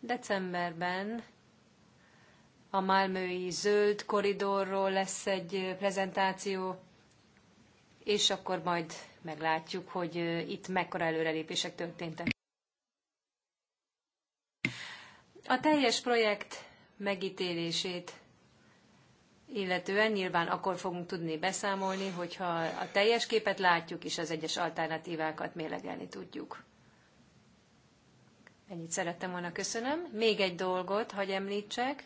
S3: Decemberben a Malmői Zöld Koridorról lesz egy prezentáció, és akkor majd meglátjuk, hogy itt mekkora előrelépések történtek. A teljes projekt megítélését illetően nyilván akkor fogunk tudni beszámolni, hogyha a teljes képet látjuk, és az egyes alternatívákat mélegelni tudjuk. Ennyit szerettem volna köszönöm. Még egy dolgot, hogy említsek,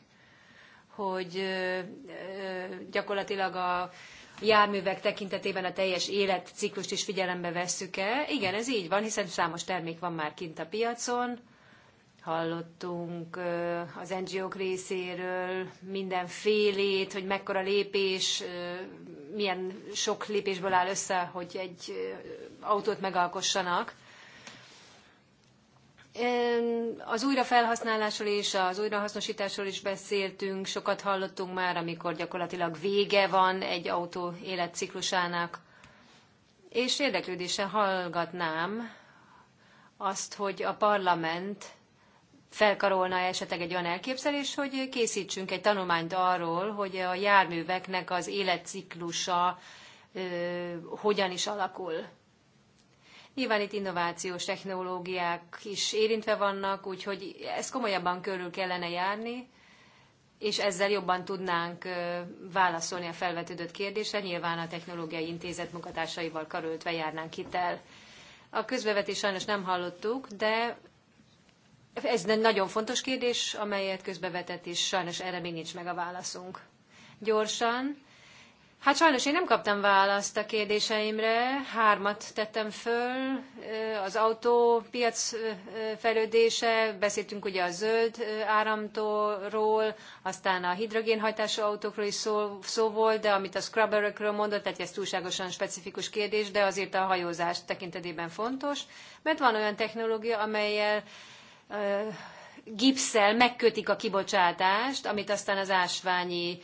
S3: hogy gyakorlatilag a járművek tekintetében a teljes életciklust is figyelembe vesszük-e? Igen, ez így van, hiszen számos termék van már kint a piacon. Hallottunk az NGO-k részéről mindenfélét, hogy mekkora lépés, milyen sok lépésből áll össze, hogy egy autót megalkossanak az újrafelhasználásról és az újrahasznosításról is beszéltünk, sokat hallottunk már, amikor gyakorlatilag vége van egy autó életciklusának. És érdeklődéssel hallgatnám azt, hogy a parlament felkarolna esetleg egy olyan elképzelés, hogy készítsünk egy tanulmányt arról, hogy a járműveknek az életciklusa ö, hogyan is alakul Nyilván itt innovációs technológiák is érintve vannak, úgyhogy ezt komolyabban körül kellene járni, és ezzel jobban tudnánk válaszolni a felvetődött kérdésre. Nyilván a Technológiai Intézet munkatársaival karöltve járnánk itt el. A közbevetés sajnos nem hallottuk, de ez egy nagyon fontos kérdés, amelyet közbevetett, és sajnos erre még nincs meg a válaszunk. Gyorsan, Hát sajnos én nem kaptam választ a kérdéseimre, hármat tettem föl, az autópiac fejlődése, beszéltünk ugye a zöld áramtóról, aztán a hidrogénhajtású autókról is szó, szó volt, de amit a scrubberökről mondott, tehát ez túlságosan specifikus kérdés, de azért a hajózás tekintetében fontos, mert van olyan technológia, amelyel gipszel megkötik a kibocsátást, amit aztán az ásványi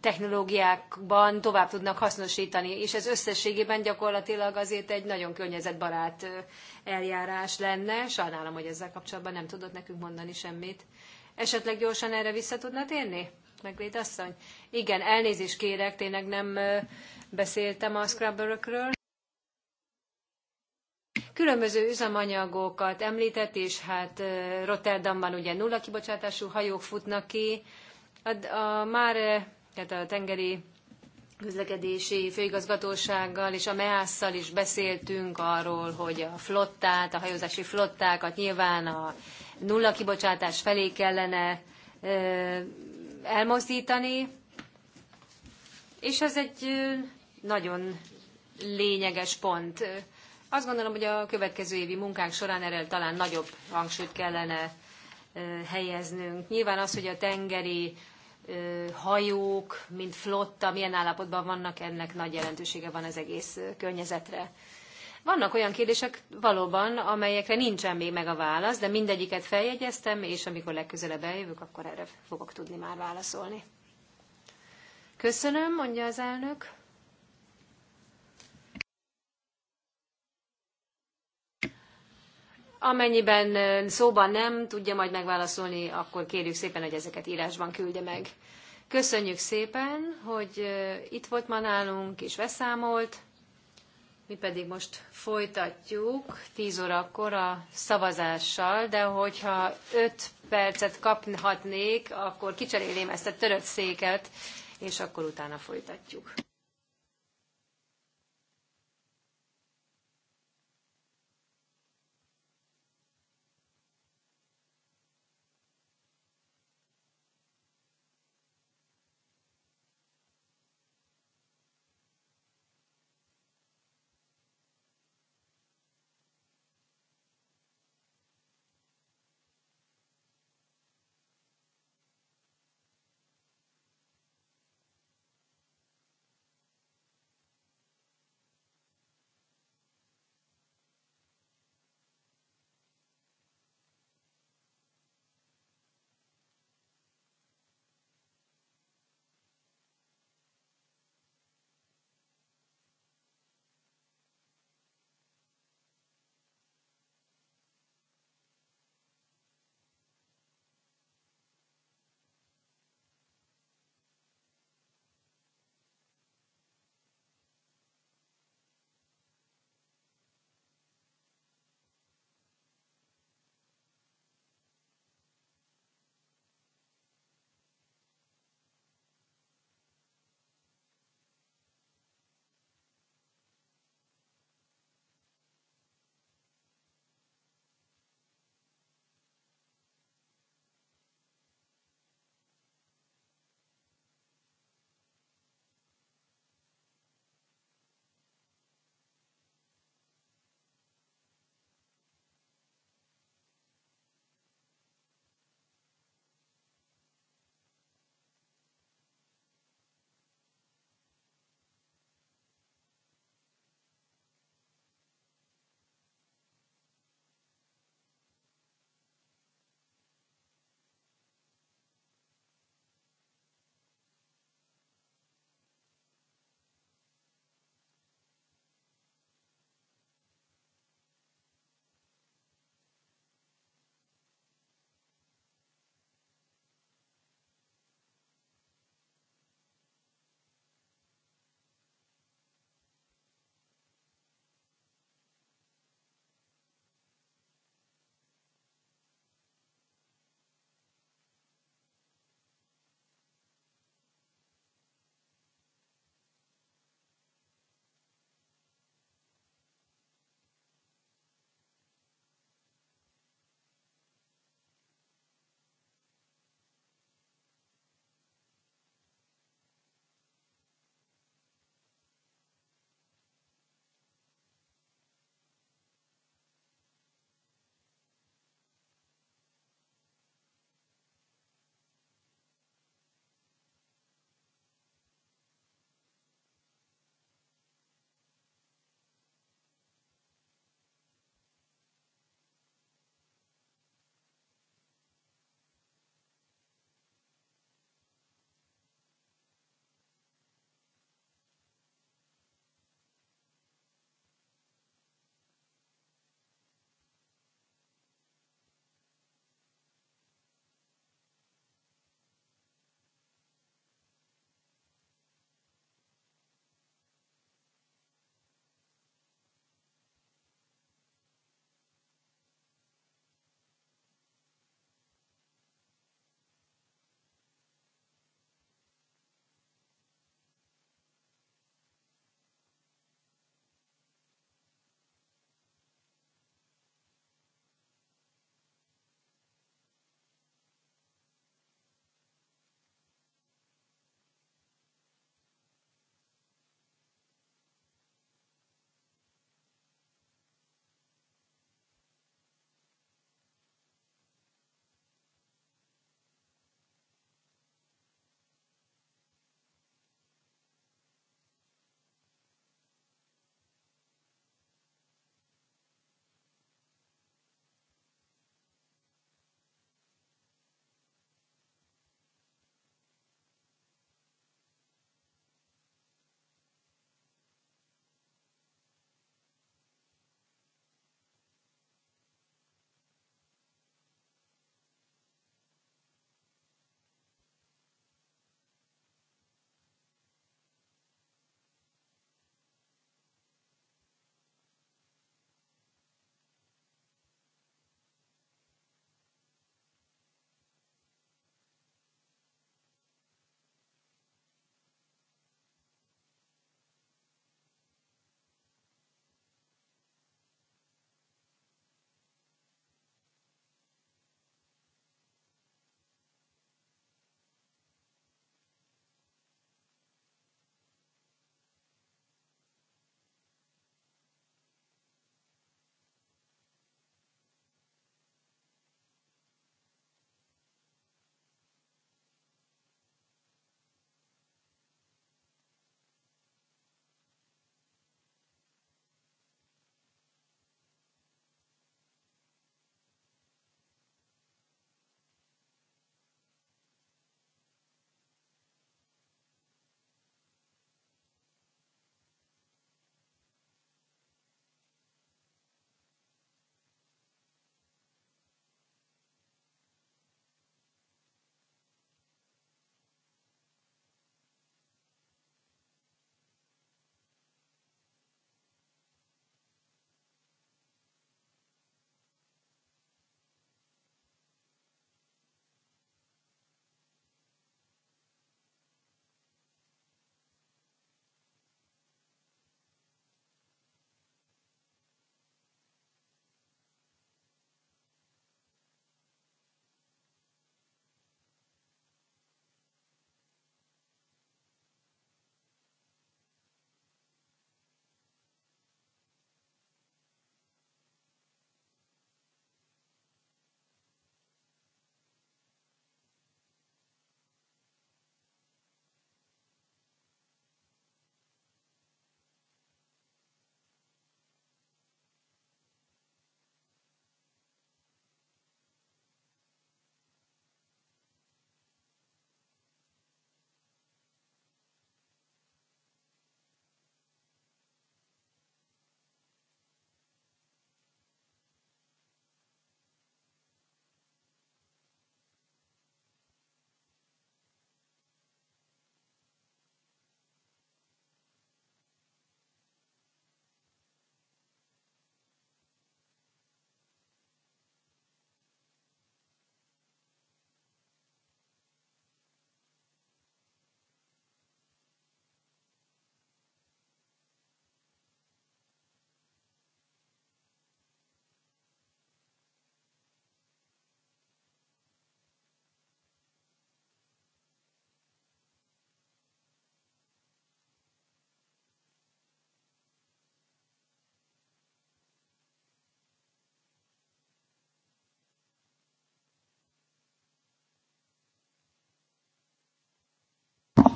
S3: technológiákban tovább tudnak hasznosítani, és ez összességében gyakorlatilag azért egy nagyon környezetbarát eljárás lenne. Sajnálom, hogy ezzel kapcsolatban nem tudott nekünk mondani semmit. Esetleg gyorsan erre vissza tudna térni? Megvéd asszony? Igen, elnézést kérek, tényleg nem beszéltem a scrubberökről. Különböző üzemanyagokat említett, és hát Rotterdamban ugye nulla kibocsátású hajók futnak ki, a, a már, tehát a tengeri közlekedési főigazgatósággal és a MEASZ-szal is beszéltünk arról, hogy a flottát, a hajózási flottákat nyilván a nulla kibocsátás felé kellene elmozdítani, és ez egy nagyon lényeges pont. Azt gondolom, hogy a következő évi munkánk során erre talán nagyobb hangsúlyt kellene helyeznünk. Nyilván az, hogy a tengeri hajók, mint flotta, milyen állapotban vannak, ennek nagy jelentősége van az egész környezetre. Vannak olyan kérdések valóban, amelyekre nincsen még meg a válasz, de mindegyiket feljegyeztem, és amikor legközelebb eljövök, akkor erre fogok tudni már válaszolni. Köszönöm, mondja az elnök. Amennyiben szóban nem tudja majd megválaszolni, akkor kérjük szépen, hogy ezeket írásban küldje meg. Köszönjük szépen, hogy itt volt ma nálunk és beszámolt. Mi pedig most folytatjuk 10 órakor a szavazással, de hogyha 5 percet kaphatnék, akkor kicserélném ezt a törött széket, és akkor utána folytatjuk.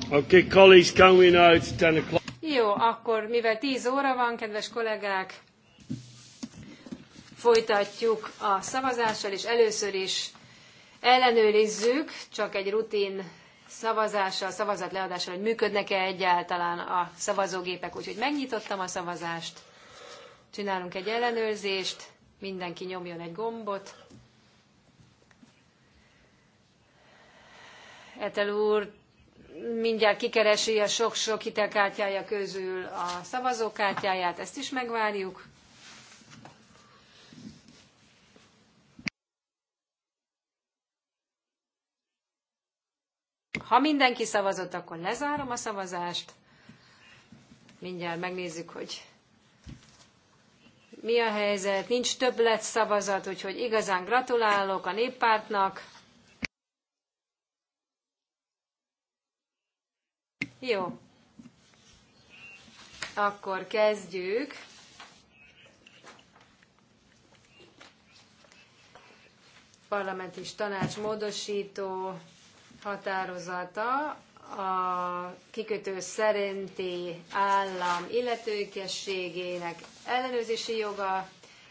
S1: Okay, colleagues, can we now it's 10 o'clock?
S3: Jó, akkor mivel 10 óra van, kedves kollégák, folytatjuk a szavazással, és először is ellenőrizzük, csak egy rutin szavazással, leadással, hogy működnek-e egyáltalán a szavazógépek. Úgyhogy megnyitottam a szavazást, csinálunk egy ellenőrzést, mindenki nyomjon egy gombot. Etel úr mindjárt kikeresi a sok-sok hitelkártyája közül a szavazókártyáját, ezt is megvárjuk. Ha mindenki szavazott, akkor lezárom a szavazást. Mindjárt megnézzük, hogy mi a helyzet. Nincs többlet szavazat, úgyhogy igazán gratulálok a néppártnak. Jó. Akkor kezdjük. Parlament és tanács módosító határozata a kikötő szerinti állam illetőkességének ellenőrzési joga.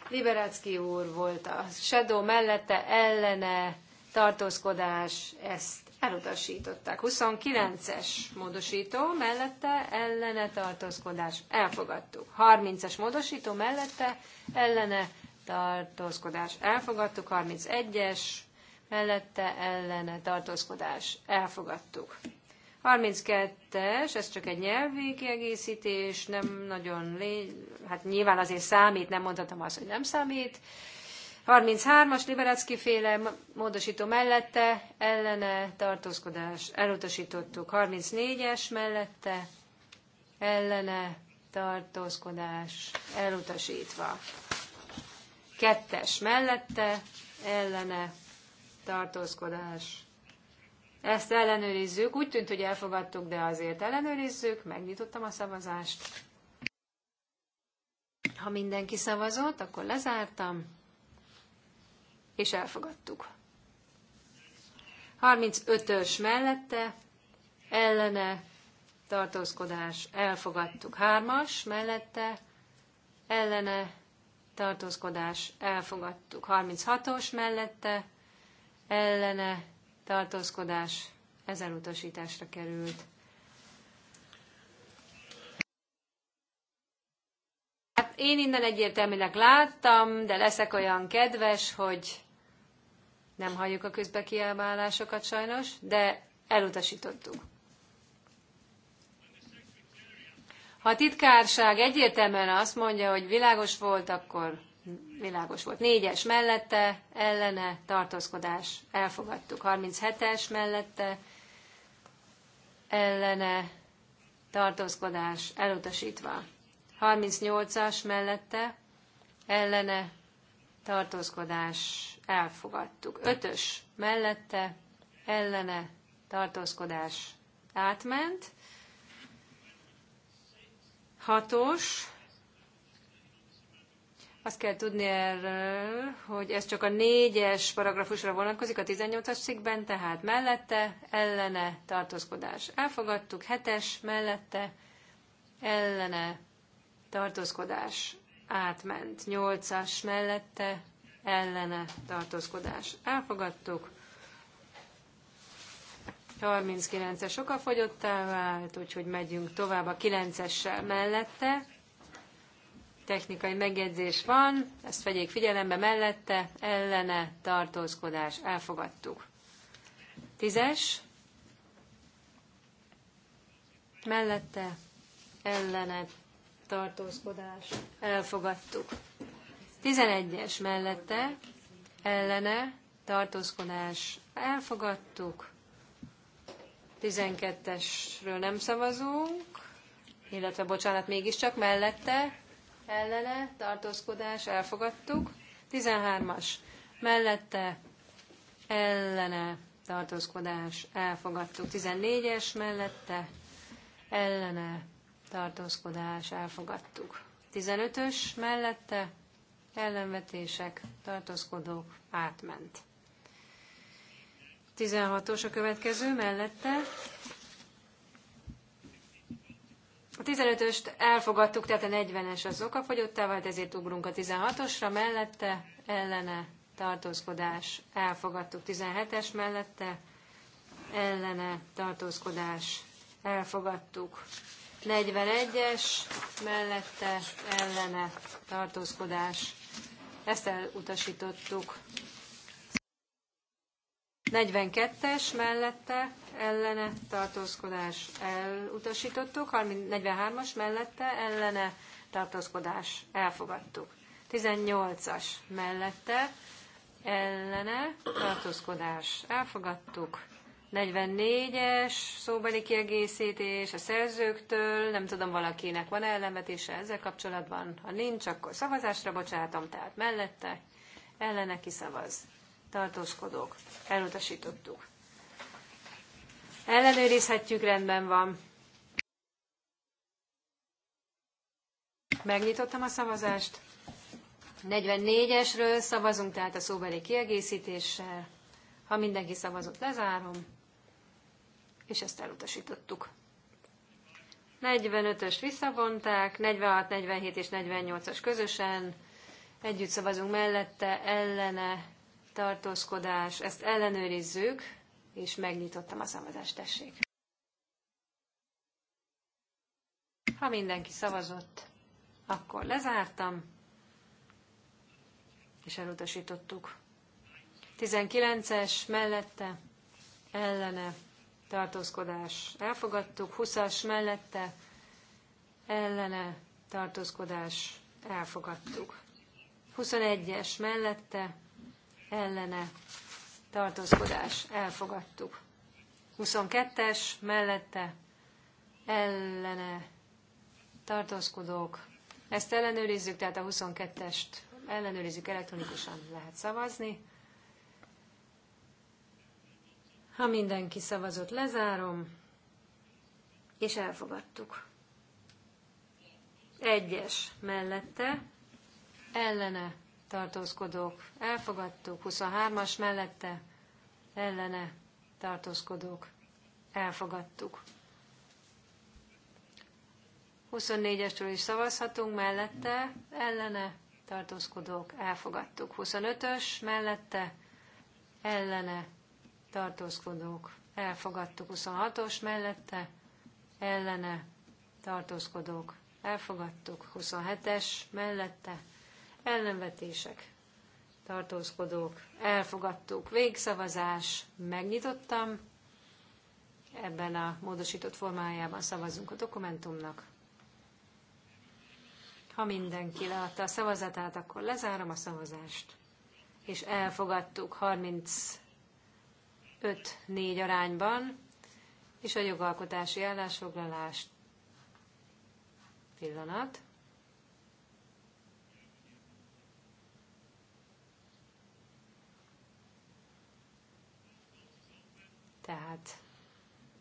S3: Liberácki úr volt a Shadow mellette ellene tartózkodás, ezt elutasították. 29-es módosító mellette ellene tartózkodás elfogadtuk. 30-es módosító mellette ellene tartózkodás elfogadtuk. 31-es mellette ellene tartózkodás elfogadtuk. 32-es, ez csak egy nyelvi kiegészítés, nem nagyon lé... hát nyilván azért számít, nem mondhatom azt, hogy nem számít. 33-as Liberacki féle módosító mellette, ellene tartózkodás elutasítottuk. 34-es mellette, ellene tartózkodás elutasítva. Kettes mellette, ellene tartózkodás. Ezt ellenőrizzük. Úgy tűnt, hogy elfogadtuk, de azért ellenőrizzük. Megnyitottam a szavazást. Ha mindenki szavazott, akkor lezártam és elfogadtuk. 35-ös mellette, ellene, tartózkodás, elfogadtuk. 3-as mellette, ellene, tartózkodás, elfogadtuk. 36-os mellette, ellene, tartózkodás, ezen utasításra került. Hát én innen egyértelműleg láttam, de leszek olyan kedves, hogy nem halljuk a közbekiabálásokat sajnos, de elutasítottuk. Ha a titkárság egyértelműen azt mondja, hogy világos volt, akkor világos volt. Négyes mellette, ellene, tartózkodás, elfogadtuk. 37-es mellette, ellene, tartózkodás, elutasítva. 38-as mellette, ellene, tartózkodás elfogadtuk. Ötös mellette, ellene, tartózkodás átment. Hatos, azt kell tudni erről, hogy ez csak a négyes paragrafusra vonatkozik a 18-as cikkben, tehát mellette, ellene, tartózkodás. Elfogadtuk, hetes, mellette, ellene, tartózkodás átment. 8-as mellette ellene tartózkodás. Elfogadtuk. 39-es sokafogyottá vált, úgyhogy megyünk tovább a 9-essel mellette. Technikai megjegyzés van, ezt vegyék figyelembe mellette, ellene tartózkodás. Elfogadtuk. 10-es mellette ellene tartózkodás, elfogadtuk. 11-es mellette, ellene, tartózkodás, elfogadtuk. 12-esről nem szavazunk, illetve bocsánat, mégiscsak mellette, ellene, tartózkodás, elfogadtuk. 13-as mellette, ellene, tartózkodás, elfogadtuk. 14-es mellette, ellene, tartózkodás, elfogadtuk. 15-ös mellette ellenvetések, tartózkodók, átment. 16-os a következő, mellette. A 15-öst elfogadtuk, tehát a 40-es az oka fogyottá vált, ezért ugrunk a 16-osra, mellette, ellene, tartózkodás, elfogadtuk 17-es mellette, ellene, tartózkodás, elfogadtuk. 41-es mellette ellene tartózkodás. Ezt elutasítottuk. 42-es mellette ellene tartózkodás elutasítottuk, 43-as mellette ellene tartózkodás elfogadtuk. 18-as mellette ellene tartózkodás elfogadtuk. 44-es szóbeli kiegészítés a szerzőktől, nem tudom, valakinek van ellenvetése ezzel kapcsolatban. Ha nincs, akkor szavazásra bocsátom, tehát mellette ellene kiszavaz. Tartózkodók. Elutasítottuk. Ellenőrizhetjük, rendben van. Megnyitottam a szavazást. 44-esről szavazunk, tehát a szóbeli kiegészítéssel. Ha mindenki szavazott, lezárom és ezt elutasítottuk. 45-ös visszavonták, 46, 47 és 48-as közösen, együtt szavazunk mellette, ellene, tartózkodás, ezt ellenőrizzük, és megnyitottam a szavazást, tessék. Ha mindenki szavazott, akkor lezártam, és elutasítottuk. 19-es mellette, ellene, tartózkodás elfogadtuk, 20-as mellette ellene tartózkodás elfogadtuk. 21-es mellette ellene tartózkodás elfogadtuk. 22-es mellette ellene tartózkodók. Ezt ellenőrizzük, tehát a 22-est ellenőrizzük elektronikusan, lehet szavazni. Ha mindenki szavazott, lezárom, és elfogadtuk. Egyes mellette, ellene tartózkodók, elfogadtuk. 23-as mellette, ellene tartózkodók, elfogadtuk. 24 estől is szavazhatunk, mellette, ellene, tartózkodók, elfogadtuk. 25-ös, mellette, ellene, tartózkodók, elfogadtuk 26-os mellette, ellene tartózkodók, elfogadtuk 27-es mellette, ellenvetések, tartózkodók, elfogadtuk végszavazás, megnyitottam, ebben a módosított formájában szavazunk a dokumentumnak. Ha mindenki leadta a szavazatát, akkor lezárom a szavazást. És elfogadtuk 30 5-4 arányban, és a jogalkotási állásfoglalás pillanat. Tehát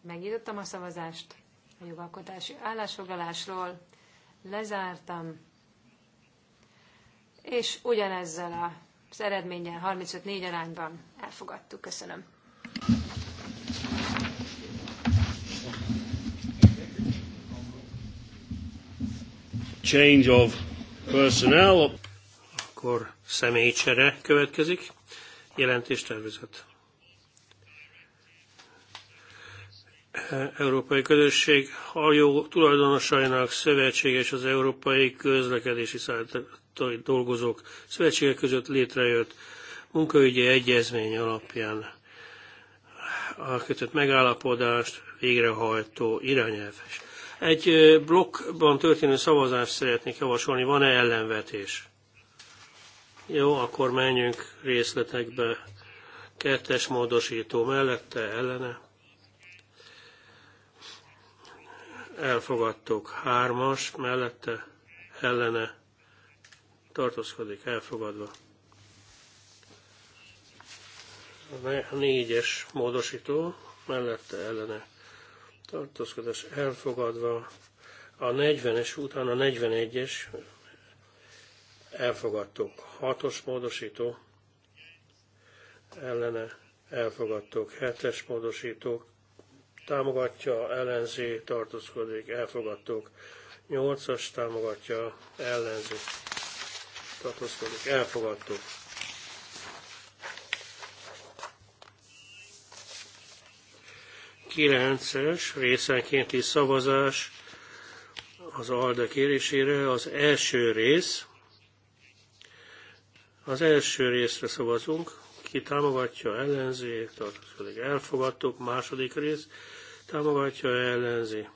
S3: megnyitottam a szavazást a jogalkotási állásfoglalásról, lezártam, és ugyanezzel az eredménnyel 35-4 arányban elfogadtuk. Köszönöm.
S1: Change of personnel. Akkor személycsere következik. Jelentéstervezet. Európai Közösség hajó tulajdonosainak szövetsége és az Európai Közlekedési Szállítói Dolgozók Szövetsége között létrejött munkaügyi egyezmény alapján a kötött megállapodást végrehajtó irányelv. Egy blokkban történő szavazást szeretnék javasolni. Van-e ellenvetés? Jó, akkor menjünk részletekbe. Kettes módosító mellette, ellene. Elfogadtuk. Hármas mellette, ellene. Tartózkodik, elfogadva négyes módosító, mellette ellene tartózkodás elfogadva, a 40-es után a 41-es elfogadtuk, 6-os módosító, ellene elfogadtuk, 7-es módosító, támogatja, ellenzi, tartózkodik, elfogadtuk, 8-as támogatja, ellenzi, tartózkodik, elfogadtuk. 9-es részenkénti szavazás az ALDE kérésére az első rész. Az első részre szavazunk, ki támogatja, ellenzi, tartozik elfogadtuk, második rész, támogatja, ellenzi,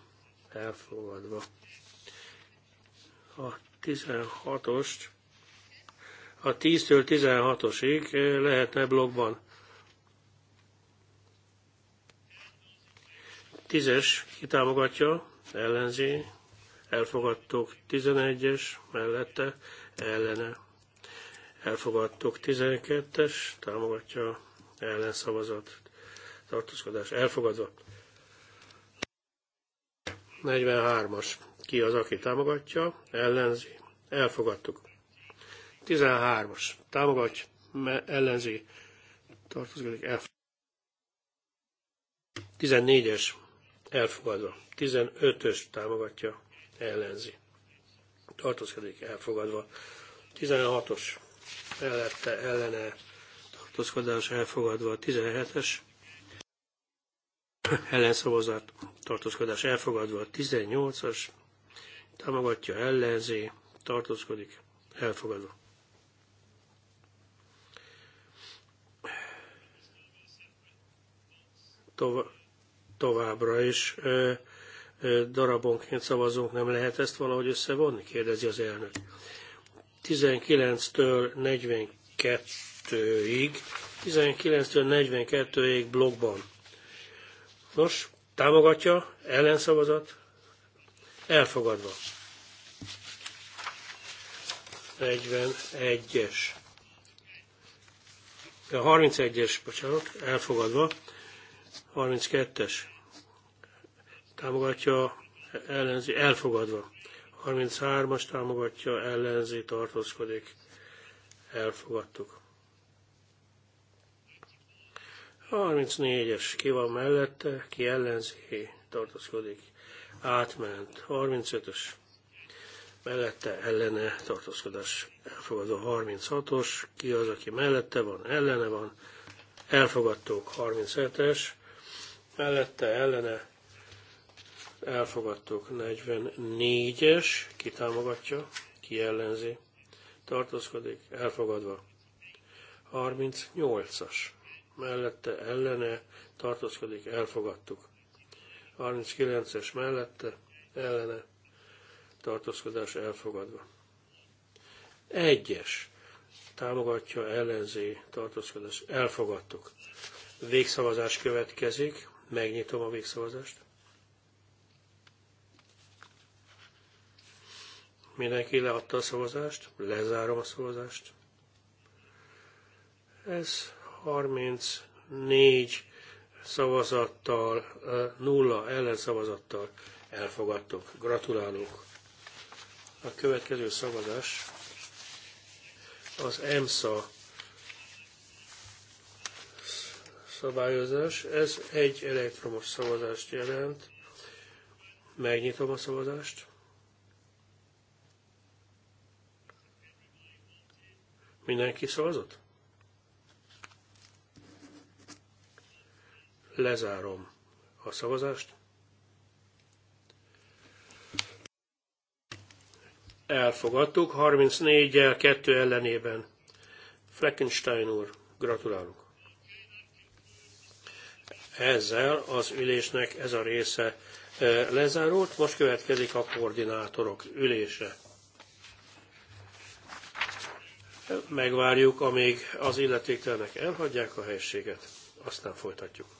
S1: elfogadva. A 16-ost, a 10-től 16-osig eh, lehetne blogban Tízes kitámogatja, ellenzi, elfogadtuk tizenegyes mellette, ellene. Elfogadtuk tizenkettes es támogatja, ellenszavazat, tartózkodás elfogadva. 43-as, ki az, aki támogatja, ellenzi, elfogadtuk. 13-as, támogatja, ellenzi, tartózkodik, elfogadtuk. 14-es, elfogadva. 15-ös támogatja, ellenzi. Tartózkodik, elfogadva. 16-os mellette ellene tartózkodás elfogadva. 17-es ellenszavazat tartózkodás elfogadva. 18-as támogatja, ellenzi, tartózkodik, elfogadva. Tovább továbbra is darabonként szavazunk, nem lehet ezt valahogy összevonni? kérdezi az elnök. 19-től 42-ig, 19-től 42-ig blogban. Nos, támogatja, ellenszavazat, elfogadva. 41-es. A 31-es, bocsánat, elfogadva. 32-es támogatja, ellenzi, elfogadva. 33-as támogatja, ellenzi, tartózkodik. Elfogadtuk. 34-es ki van mellette, ki ellenzi, tartózkodik. Átment. 35-ös mellette ellene tartózkodás elfogadó. 36-os ki az, aki mellette van, ellene van. Elfogadtuk. 37-es mellette ellene elfogadtok 44-es, ki támogatja, ki ellenzi, tartózkodik, elfogadva. 38-as, mellette ellene tartózkodik, elfogadtuk. 39-es mellette ellene tartózkodás elfogadva. 1-es, támogatja, ellenzi, tartózkodás, elfogadtuk. Végszavazás következik Megnyitom a végszavazást. Mindenki leadta a szavazást, lezárom a szavazást. Ez 34 szavazattal, nulla ellenszavazattal elfogadtok. Gratulálunk! A következő szavazás az EMSA szabályozás. Ez egy elektromos szavazást jelent. Megnyitom a szavazást. Mindenki szavazott? Lezárom a szavazást. Elfogadtuk, 34-el, 2 ellenében. Fleckenstein úr, gratulálunk. Ezzel az ülésnek ez a része e, lezárult, most következik a koordinátorok ülése. Megvárjuk, amíg az illetéktelnek elhagyják a helységet, aztán folytatjuk.